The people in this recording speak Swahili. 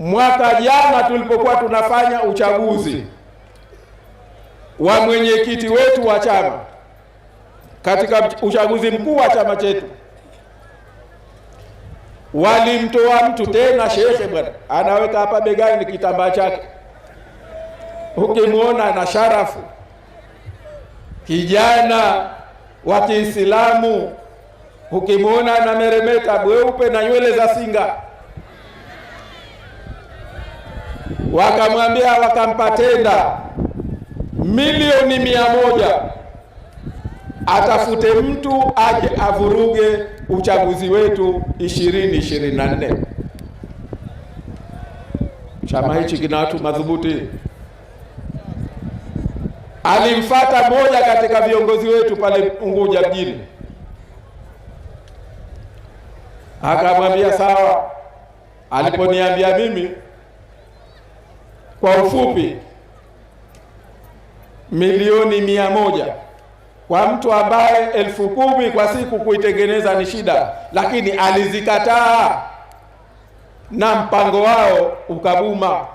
mwaka jana tulipokuwa tunafanya uchaguzi wa mwenyekiti wetu wa chama katika uchaguzi mkuu wa chama chetu, walimtoa mtu tena shehe bwana anaweka hapa begani ni kitambaa chake, ukimwona na sharafu, kijana wa Kiislamu, ukimwona na meremeta bweupe na nywele za singa wakamwambia wakampa tenda milioni mia moja atafute mtu aje avuruge uchaguzi wetu 2024. Chama hichi kina watu madhubuti. Alimfata moja katika viongozi wetu pale Unguja mjini, akamwambia sawa. Aliponiambia mimi kwa ufupi, milioni mia moja kwa mtu ambaye elfu kumi kwa siku kuitengeneza ni shida, lakini alizikataa na mpango wao ukabuma.